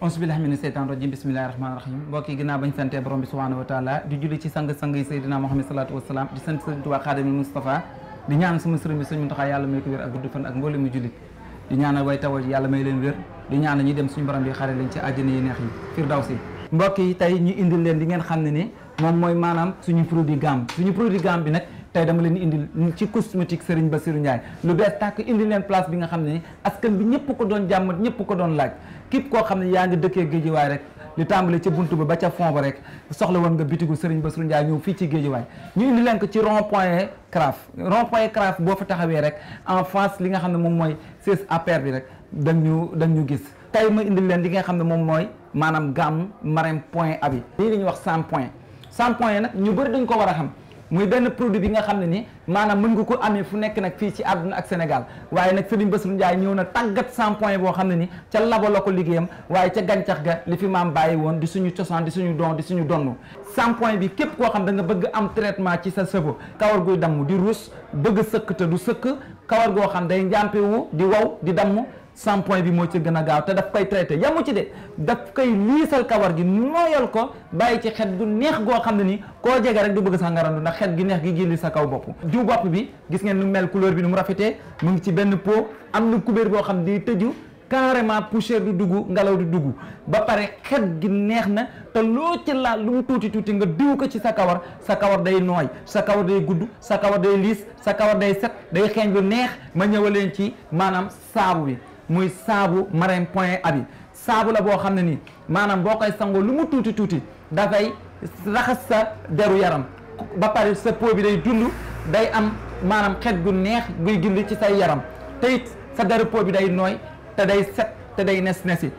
auzu billahi mina seytaan rajim bismillahi rahmaani rahim mbokk yi bañ santee borom bi subhanahu wa taala di julli ci sang-sang yi seydina Muhammad salaatu wasalaam di sant sëriñ Tuubaa Xaadimul di ñaan suma sëriñ bi suñu taxaa yàlla may ko wér ak gudd fan ak mboolem mu jullit di ñaanal way taw yàlla may leen wér di ñaanal ñuy dem suñu borom bi xare leen ci àjjana yi neex yi firdawsi mbokk yi tey ñu indil leen di ngeen tey dama leen indil ci cosmétique Serigne Bassirou Ndiaye lu bees tàkk indi leen place bi nga xam ne askan bi ñëpp ko doon jàmmat ñëpp ko doon laaj képp koo xam ne yaa ngi dëkkee géejiwaay rek li tàmbale ca bunt ba ba ca fond ba rek soxla woon nga bitigu Serigne Bassirou Ndiaye ñëw fii ci géejiwaay ñu indi leen ko ci rond point Craf rond point boo fa taxawee rek en face li nga xam ne moom mooy CES APR bi rek dañu dañu gis tey ma indil leen li nga xam ne moom mooy maanaam gamme Marème point abi lii la ñuy wax 100 point nag ñu bëri dañ ko war a xam muy benn produit bi nga xam ne ni maanaam mën nga ko amee fu nekk nag fii ci àdduna ak Sénégal waaye nag Serigne Bassirou Ndiaye ñëw na tàggat 100 points boo xam ne ni ca labo la ko liggéeyam waaye ca gàncax ga li fi maam bàyyi woon di suñu cosaan di suñu doon di suñu donnu 100 points bi képp koo xam da nga bëgg am traitement ci sa sëbo kawar guy damm di ruus bëgg sëkk te du sëkk kawar goo xam day njàmpe wu di wow di damm cent point bi moo ci gën a gaaw te daf koy traité yamu ci de daf koy liisal kawar gi nooyal ko bàyyi ci xet gu neex goo xam ne ni koo jege rek du bëgg sax nga randu ndax xet gi neex gi génn sa kaw bopp diw bopp bi gis ngeen nu mel couleur bi nu mu rafetee mu ngi ci benn pour am na kubéer boo xam di tëju carrément poussière du dugg ngelaw du dugg ba pare xet gi neex na te loo ci laal lu mu tuuti tuuti nga diw ko ci sa kawar sa kawar day nooy sa kawar gudd sa kawar day sa kawar day set day xeeñ lu neex ma ñëwaleen ci maanaam saabu bi muy saabu marine point abi saabu la boo xam ne nii maanaam boo koy sangoo lu mu tuuti tuuti dafay raxas sa deru yaram ba pare sa peau bi day dund day am maanaam xet gu neex guy gindi ci say yaram te sa deru peau bi day nooy te day set te day nes nesi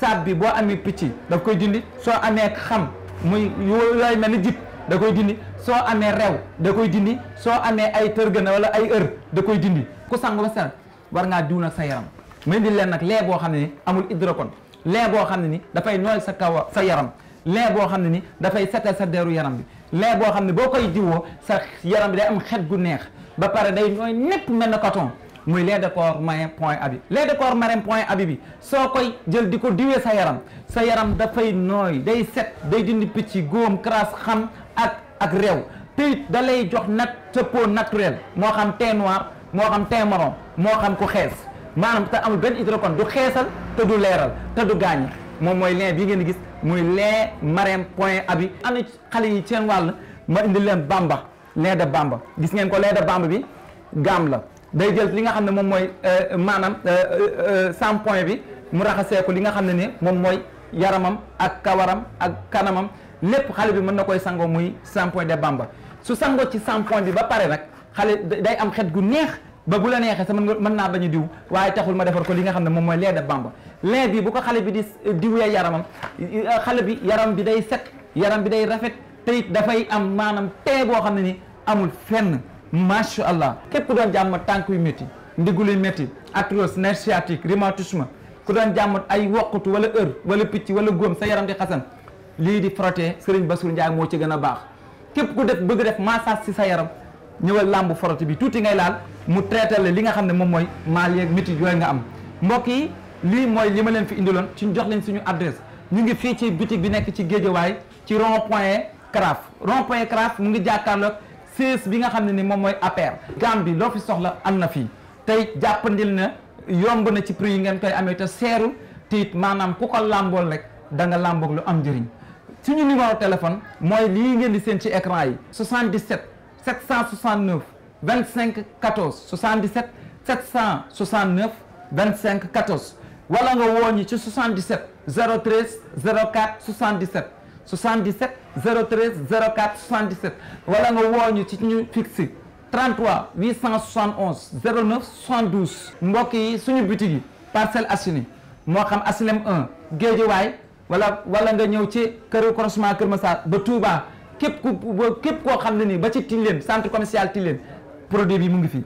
saab bi boo amee picc daf koy dindi soo amee xam muy yooyu mel ni jib da koy dindi soo amee rew da koy dindi soo amee ay tërgëna wala ay ër da koy dindi ku sangu ba set war ngaa diw nag sa yaram mu indi leen nag lait boo xam ne ni amul hydrocone lait boo xam ne ni dafay nooy sa kaw sa yaram lait boo xam ne ni dafay setal sa deeru yaram bi lait boo xam ne boo koy diwoo sa yaram bi day am xet gu neex ba pare day nooy népp mel na coton muy lait de corps marin point abi lait de corps marin point abi bi soo koy jël di ko diwee sa yaram sa yaram dafay nooy day set day dindi picc góom crasse xam ak ak réew te it da lay jox nat sa peau naturel moo xam teint noir moo xam teint marron moo xam ku xees maanaam te amul benn hydrocone du xeesal te du leeral te du gaañ moom mooy lin bi ngeen di gis muy lin marème point abi am na xale yi seen wàll ma indi leen bamba lin de bamba gis ngeen ko lin de bamba bi gaam la day jël li nga xam ne moom mooy euh, maanaam cent euh, euh, point bi mu raxasee ko li nga xam ne ne moom mooy yaramam ak kawaram ak kanamam lépp xale bi mën na koy sangoo muy cent point de bamba su sangoo ci cent point bi ba pare nag xale day am xet gu neex ba bu la neexee sa mën nga mën naa bañu diw waaye taxul ma defar ko li nga xam ne moom mooy lait de bamba lait bi bu ko xale bi di diwee yaramam xale bi yaram bi day set yaram bi day rafet te dafay am maanaam tee boo xam ne ni amul fenn macha allah képp ku doon jàmm tànk yu métti ndigul yu métti arthrose nerf sciatique rhumatisme ku doon jàmm ay woqatu wala heure wala picc wala góom sa yaram di xasan lii di frotté Serigne Bassirou Ndiaye moo ci gën a baax képp ku def bëgg def massage si sa yaram ñëwal làmb foroti bi tuuti ngay laal mu traité la li nga xam ne moom mooy maal yeeg métit yooyu nga am mbokk yi lii mooy li ma leen fi indiloon ci jox leen suñu adresse ñu ngi fii ci boutique bi nekk ci Géejawaay ci rond point Craf rond point Craf mu ngi jàkkaarloog siis bi nga xam ne ni moom mooy APR gam bi loo fi soxla am na fii tey jàppandil na yomb na ci prix yi ngeen koy amee te seerul te maanaam ku ko làmbool rek da nga làmboog lu am njëriñ suñu numéro téléphone mooy lii ngeen di seen ci écran yi 77 769 25 14 77 769 25 14 wala nga 77 013 04 77 77 013 04 77 wala nga ci 33 871 09 72 mbokk yi suñu parcelle yi Parcelles xam 1 Guédiawaye wala wala nga ñëw ci keur croisement képp ku képp koo xam ne nii ba ci Tilène centre commercial Tilène produit bi mu fi